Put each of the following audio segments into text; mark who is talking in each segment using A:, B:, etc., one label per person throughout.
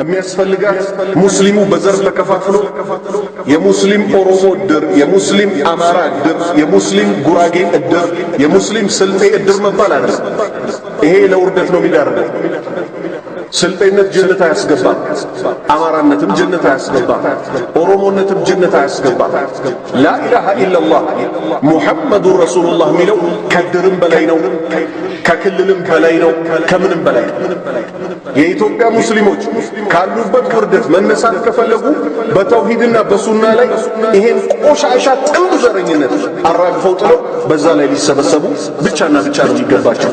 A: የሚያስፈልጋት ሙስሊሙ በዘር ተከፋፍሎ የሙስሊም ኦሮሞ እድር፣ የሙስሊም አማራ እድር፣ የሙስሊም ጉራጌ እድር፣ የሙስሊም ስልጤ እድር መባል አይደለም። ይሄ ለውርደት ነው የሚዳርገው። ስልጤነት ጀነት አያስገባም። አማራነትም ጀነት አያስገባም። ኦሮሞነትም ጀነት አያስገባም። ላኢላሃ ኢለላህ ሙሐመዱን ረሱሉላህ የሚለው ከድርም በላይ ነው፣ ከክልልም በላይ ነው፣ ከምንም በላይ ነው። የኢትዮጵያ ሙስሊሞች ካሉበት ውርደት መነሳት ከፈለጉ በተውሂድና በሱና ላይ ይሄን ቆሻሻ ጥንብ ዘረኝነት አራግፈው ጥለው በዛ ላይ ሊሰበሰቡ ብቻና ብቻ ነው የሚገባቸው።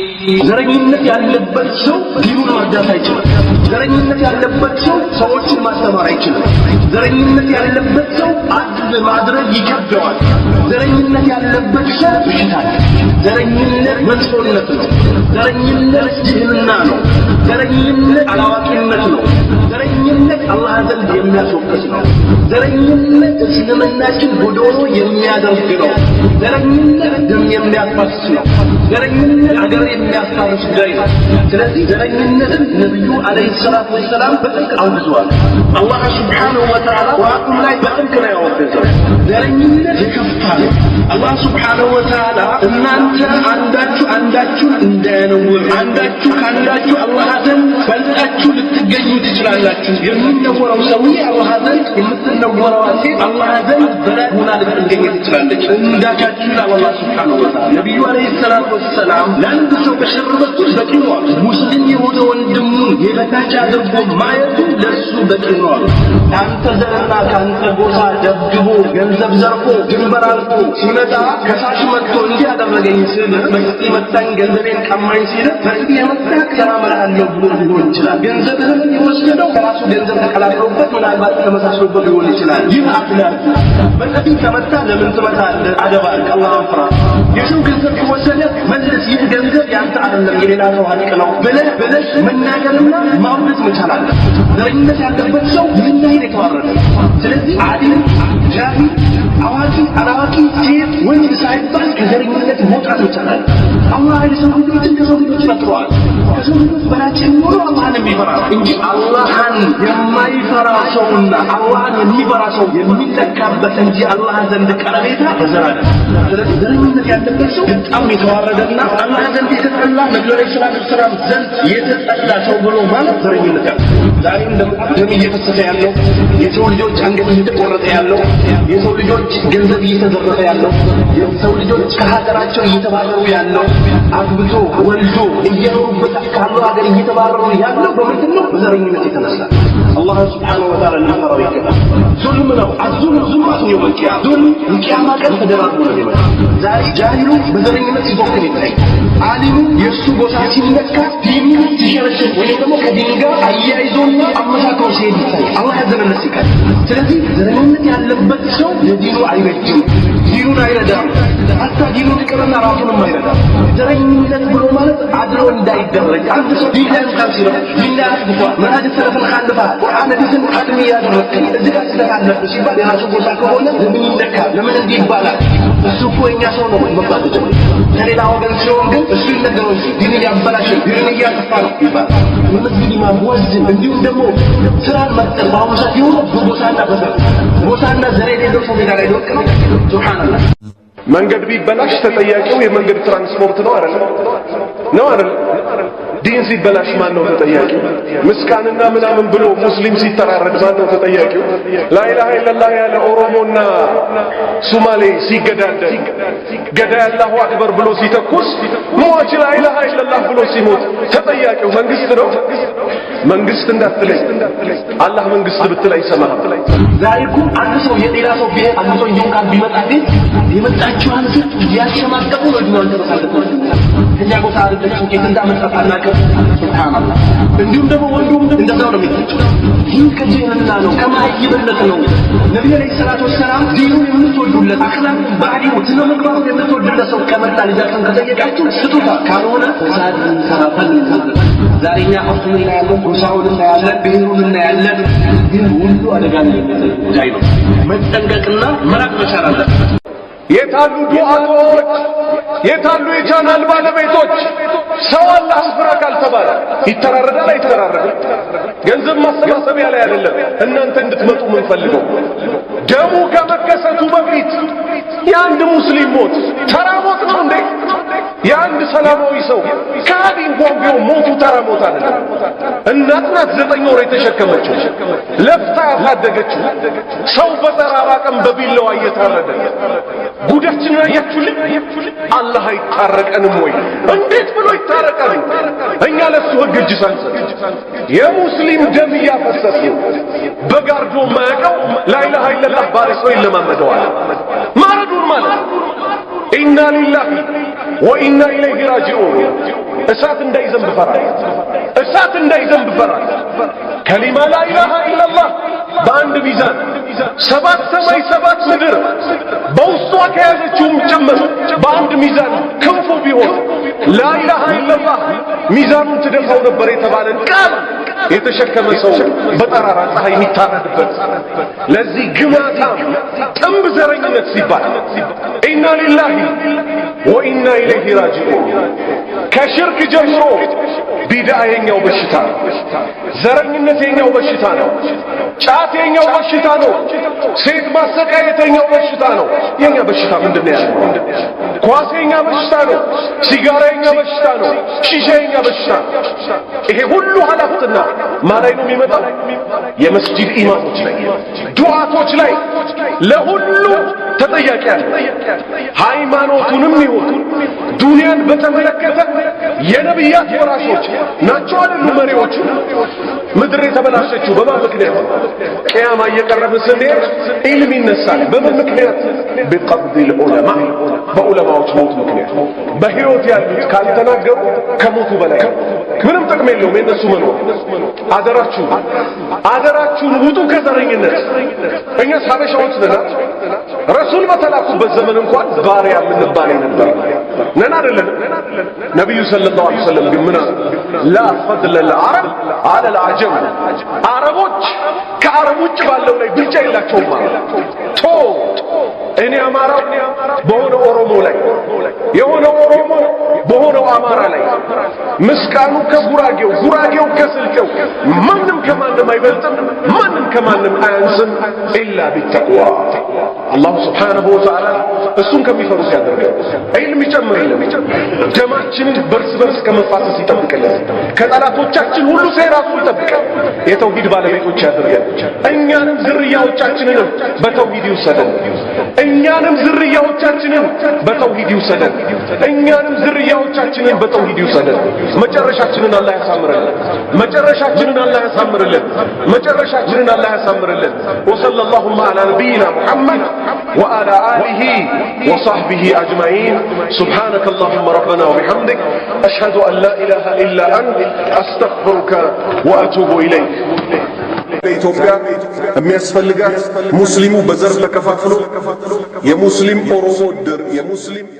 A: ዘረኝነት ያለበት ሰው ዲኑን መርዳት አይችልም። ዘረኝነት ያለበት ሰው ሰዎችን ማስተማር አይችልም። ዘረኝነት ያለበት ሰው አድል ማድረግ ይከብደዋል። ዘረኝነት ያለበት ሰው ይሽታል። ዘረኝነት መጥፎነት ነው። ዘረኝነት ድህንና ነው። ዘረኝነት አላዋቂነት ነው። ማዕበል የሚያስወቅስ ነው። ዘረኝነት እስልምናችን ጎዶሎ የሚያደርግ ነው። ዘረኝነት ደም የሚያፋስስ ነው። ዘረኝነት አገር የሚያስታርስ ጉዳይ ነው። ስለዚህ ዘረኝነትን ነቢዩ አለይሂ ሰላቱ ወሰላም በጥብቅ አውግዘዋል። አላህ ሱብሓነሁ ወተዓላ ቁርአኑም ላይ በጥብቅ ነው ያወገዘው። ዘረኝነት የከፋ ነው። አላህ ሱብሓነሁ ወተዓላ እናንተ አንዳችሁ አንዳችሁን እንዳያነውር፣ አንዳችሁ ካንዳችሁ አላህ ዘንድ በልጣችሁ ልትገኙ ትችላላችሁ የሚነው የምትነወረው ሰውዬ አላህ ዘንድ የምትነወረዋ ሴት አላህ ዘንድ በላት ሆና ልትገኘት ትችላለች። እንዳቻችን አላህ ሱብሓነሁ ወተዓላ ነቢዩ ሰላቱ ወሰላም ለአንድ ሰው ከሸርበቱ በቂ ነው አሉ። ሙስሊም የሆነ ወንድሙን የበታች አድርጎ ማየቱ በቂ ነው አሉ። ዘርና ጎሳ ደብድቦ ገንዘብ ዘርፎ ድንበር አልፎ ሲመጣ ከሳሽ መጥቶ እንዲህ ያደረገኝ ስል በቅጥ መጣኝ ገንዘቤን ቀማኝ ሲል በቅጥ የመጣህ ተራመራለሁ ብሎ ሊሆን ይችላል። ገንዘብህም የወሰደው ከራሱ ገንዘብ ተቀላቅሎበት ምናልባት ተመሳስሎበት ሊሆን ይችላል። ይህ አፍላል በነቢይ ከመታ ለምን ትመታለህ? አደባል ቀላን ፍራ። የሰው ገንዘብ የወሰደ መለስ ይህ ገንዘብ ያንተ አይደለም የሌላ ሰው ሀቅ ነው ብለህ ብለሽ መናገርና ማውደት መቻል አለ። ዘረኝነት ያለበት ሰው ምንም ያህል የተዋረደ ስለዚህ ዓሊም፣ ጃሂል፣ አዋቂ፣ አላዋቂ፣ ሴት፣ ወንድ ሳይባል ከዘረኝነት መውጣት ይቻላል። አላህ የሰው ልጆችን ከሰው ልጆች ፈጥረዋል። በላችን ሙሉ አላህን የሚፈራ እንጂ አላህን የማይፈራ ሰውና አላህን የሚፈራ ሰው የሚለካበት እንጂ አላህ ዘንድ ቀረቤታ በዘራለ ስለዚህ ዘረኝነት ያለበት ሰው በጣም የተዋረደና አላህ ዘንድ የተጠላ ነቢዩ ዐለይሂ ሰላቱ ወሰላም ዘንድ የተጠላ ሰው ብሎ ማለት ዘረኝነት ያለ ዛሬ ደም እየፈሰሰ ያለው የሰው ልጆች አንገት እየተቆረጠ ያለው የሰው ልጆች ገንዘብ እየተዘረፈ ያለው የሰው ልጆች ከሀገራቸው እየተባረሩ ያለው አግብቶ ወልዶ እየኖሩበት ከአንዱ ሀገር እየተባረሩ ያለው በምንድን ነው? በዘረኝነት የተነሳ አላህ ስብሓነሁ ወተዓላ ሊፈራው ይገባል። ዙልም ነው። አዙልም ዙልማት ነው። በቂያ ዙልም በቂያማ ቀን ተደራርቦ ነው የሚመጣ። ዛሬ ጃሂሉ በዘረኝነት ሲዞክን ይታይ፣ አሊሙ የእሱ ቦታ ሲነካ ዲኑን ሲሸረሽር ወይም ደግሞ ከዲን ጋር አያይዞና አመሳክሮ ሲሄድ ይታይ። አላህ ያዘነለት ሲቀር ስለዚህ ዘረኝነት ያለበት ሰው ለዲኑ አይበጅም፣ ዲኑን አይረዳም። ሀታ ዲኑን ይቅርና ራሱንም አይረዳም። ዘረኝነት ብሎ ማለት ነው እንዳይደረግ አንተ ዲዳን ታሲራ ዲዳን ትጓ ማህድ ተረፈን ካልባ ቁርአን ዲስን አድም ያደረክ እዚህ ጋር ተካለፈ ሲባል የራሱ ቦታ ከሆነ ለምን ይነካ ለምን እንዲህ ይባላል? እሱ እኮ የኛ ሰው ነው መባል ይችላል። ከሌላ ወገን ሲሆን ግን እሱ ይነገረው ዲን ያበላሽ ዲን ያጥፋ ይባላል። እነዚህ ኢማም ወስድን እንዲሁም ደግሞ ስራን መቅጠር በአሁኑ ሰዓት የሆነ ቦታና ቦታ ቦታና ዘሬ የሌለው ሰው ሜዳ ላይ ሊወቅ ነው። ሱብሃንአላህ መንገድ ቢበላሽ ተጠያቂው የመንገድ ትራንስፖርት ነው አይደል? ነው አይደል? ዲን ሲበላሽ ማን ነው ተጠያቂው? ምስካንና ምናምን ብሎ ሙስሊም ሲተራረድ ማን ነው ተጠያቂው? ላኢላሃ ኢላላህ ያለ ኦሮሞና ሱማሌ ሲገዳደል ገዳይ አላሁ አክበር ብሎ ሲተኩስ ሟች ላኢላሃ ኢላላህ ብሎ ሲሞት ተጠያቂው መንግስት ነው። መንግስት እንዳትለይ አላህ መንግስት ብትል አይሰማህም። ዛሬ እኮ አንድ ሰው የሌላ ሰው ብሔር አንድ ሰው እንዲሁም ካል ቢመጣ ግን የመጣችው አንድ እያሸማቀቁ ነው ድናንተ ከዚያ ቦታ አይደለችም፣ የት እንዳመጣት አናውቅም። ሱብሃንአላህ። እንዲሁም ደግሞ ወንዱም እንደዛው ነው የሚጠጭ። ይህ ቅጅህና ነው፣ ከማይብነት ነው። ነቢዩ ዓለይሂ ሰላቱ ወሰላም ዲኑን የምትወዱለት አክላቁን፣ ባህሪውን፣ ስነ ምግባሩን የምትወዱለት ሰው ከመጣ ልጃችሁን ከጠየቃችሁ ስጡታ፣ ካልሆነ ከሳት ሰራፈል ዛሬ እኛ ሀብቱ እናያለን፣ ጎሳውን እናያለን፣ ብሔሩን እናያለን። ይህ ሁሉ አደጋ ላይ ጉዳይ ነው። መጠንቀቅና መራቅ መቻል አለበት። የታሉ ዱዓቶች? የታሉ የቻናል ባለቤቶች? ሰው አላህ ስፍራ ካልተባለ ይተራረዳል አይተራረድም? ገንዘብ ማሰባሰቢያ ላይ አይደለም እናንተ እንድትመጡ የምንፈልገው። ደሙ ከመከሰቱ በፊት የአንድ ሙስሊም ሞት ተራ ሰላማዊ ሰው ከአብ እንኳን ቢሆን ሞቱ ተራ ሞት እናት ናት ዘጠኝ ወር የተሸከመችው ለፍታ ያሳደገችው ሰው በጠራራ ቀን በቢላዋ እየታረደ ጉዳችን አያችሁልን? አላህ አይታረቀንም ወይ? እንዴት ብሎ ይታረቀን? እኛ ለሱ ህግ እጅ ሳንሰጥ የሙስሊም ደም እያፈሰሰ በጋርዶ ማያቀው ላይላ ኃይለላህ ባለ ሰው ይለማመደዋል። ማረዱን ማለት ኢና ሊላህ ወኢና ኢለይሂ ራጂዑን። እሳት እንዳይዘንብ ፈራ እሳት እንዳይዘንብ ፈራል። ከሊማ ላ ኢላሃ ኢላላህ በአንድ ሚዛን ሰባት ሰማይ ሰባት ምድር በውስጧ ከያዘችውም ጭምር በአንድ ሚዛን ክንፉ ቢሆን ላ ኢላሃ ሚዛኑን ትደፋው ነበር የተባለ ቃል የተሸከመ ሰው በጠራራ ፀሐይ የሚታረድበት ለዚህ ግማታም ጥንብ ዘረኝነት ሲባል ኢና ሊላሂ ወኢና ኢለይሂ ራጂዑን ከሽርክ ጀምሮ ቢድዓ የኛው በሽታ ዘረኝነት የኛው በሽታ ነው። ጫት የኛው በሽታ ነው። ሴት ማሰቃየት የኛው በሽታ ነው። የኛ በሽታ ምንድን ነው ያለው? ኳስ የኛ በሽታ ነው። ሲጋራ የኛ በሽታ ነው። ሺሻ የኛ በሽታ ነው። ይሄ ሁሉ ኃላፍትና ማላይ ነው የሚመጣው የመስጂድ ኢማሞች ላይ፣ ዱዓቶች ላይ ለሁሉ ተጠያቂ ያለ ሃይማኖቱንም ይሁን ዱንያን በተመለከተ የነብያት ወራሾች ናቸው አይደሉ መሪዎቹ ምድር የተበላሸችው በማን ምክንያት ቅያማ እየቀረብን ስንሄድ ዒልም ይነሳል። በምን ምክንያት? ቢቀብዲል ዑለማ በዑለማዎች ሞት ምክንያት። በሕይወት ያሉት ካልተናገሩ ከሞቱ በላይ ምንም ጥቅም የለውም የነሱ መኖር። አደራችሁ አደራችሁን ውጡ ከዘረኝነት። እኛ ሀበሻዎች ነን። ረሱል በተላኩበት ዘመን እንኳን ባሪያ የምንባል ነበር ነን አይደለም። ነቢዩ ሰለላሁ ዐለይሂ ወሰለም ግን ምን ላ ፈድለ ልዓረብ አለ ልዓጀም አረቦች ከአረብ ውጭ ባለው ላይ ብልጫ የላቸውማ ቶ እኔ አማራው በሆነ ኦሮሞ አማራ ላይ፣ ምስቃኑ ከጉራጌው፣ ጉራጌው ከስልጤው፣ ማንም ከማንም አይበልጥም፣ ማንም ከማንም አያንስም። ኢላ ቢተቅዋ አላሁ ስብሓነሁ ወተዓላ እሱን ከሚፈሩት ያደርገን። ዒልም ይጨምርልን፣ ደማችንን በርስ በርስ ከመፋሰስ ይጠብቅልን፣ ከጠላቶቻችን ሁሉ ሴራቱ ይጠብቀን፣ የተውሂድ ባለቤቶች ያደርገን፣ እኛንም ዝርያዎቻችንንም በተውሂድ ይውሰደን። እኛንም ዝርያዎቻችንን በተውሂድ ይውሰደን። እኛንም ዝርያዎቻችንን በተውሂድ ይውሰደን። መጨረሻችንን አላህ ያሳምርልን። መጨረሻችንን አላህ ያሳምርልን። መጨረሻችንን አላህ ያሳምርልን። ወሰለላሁ ዐላ ነቢይና ሙሐመድ ወዐላ አሊሂ ወሰሕቢሂ አጅማዒን። ሱብሓነከ አላሁመ ረበና ወቢሐምድክ አሽሀዱ አን ላ ኢላሃ ኢላ አንት አስተግፊሩከ ወአቱቡ ኢለይክ በኢትዮጵያ የሚያስፈልጋት ሙስሊሙ በዘር ተከፋፍሎ የሙስሊም ኦሮሞ ድር የሙስሊም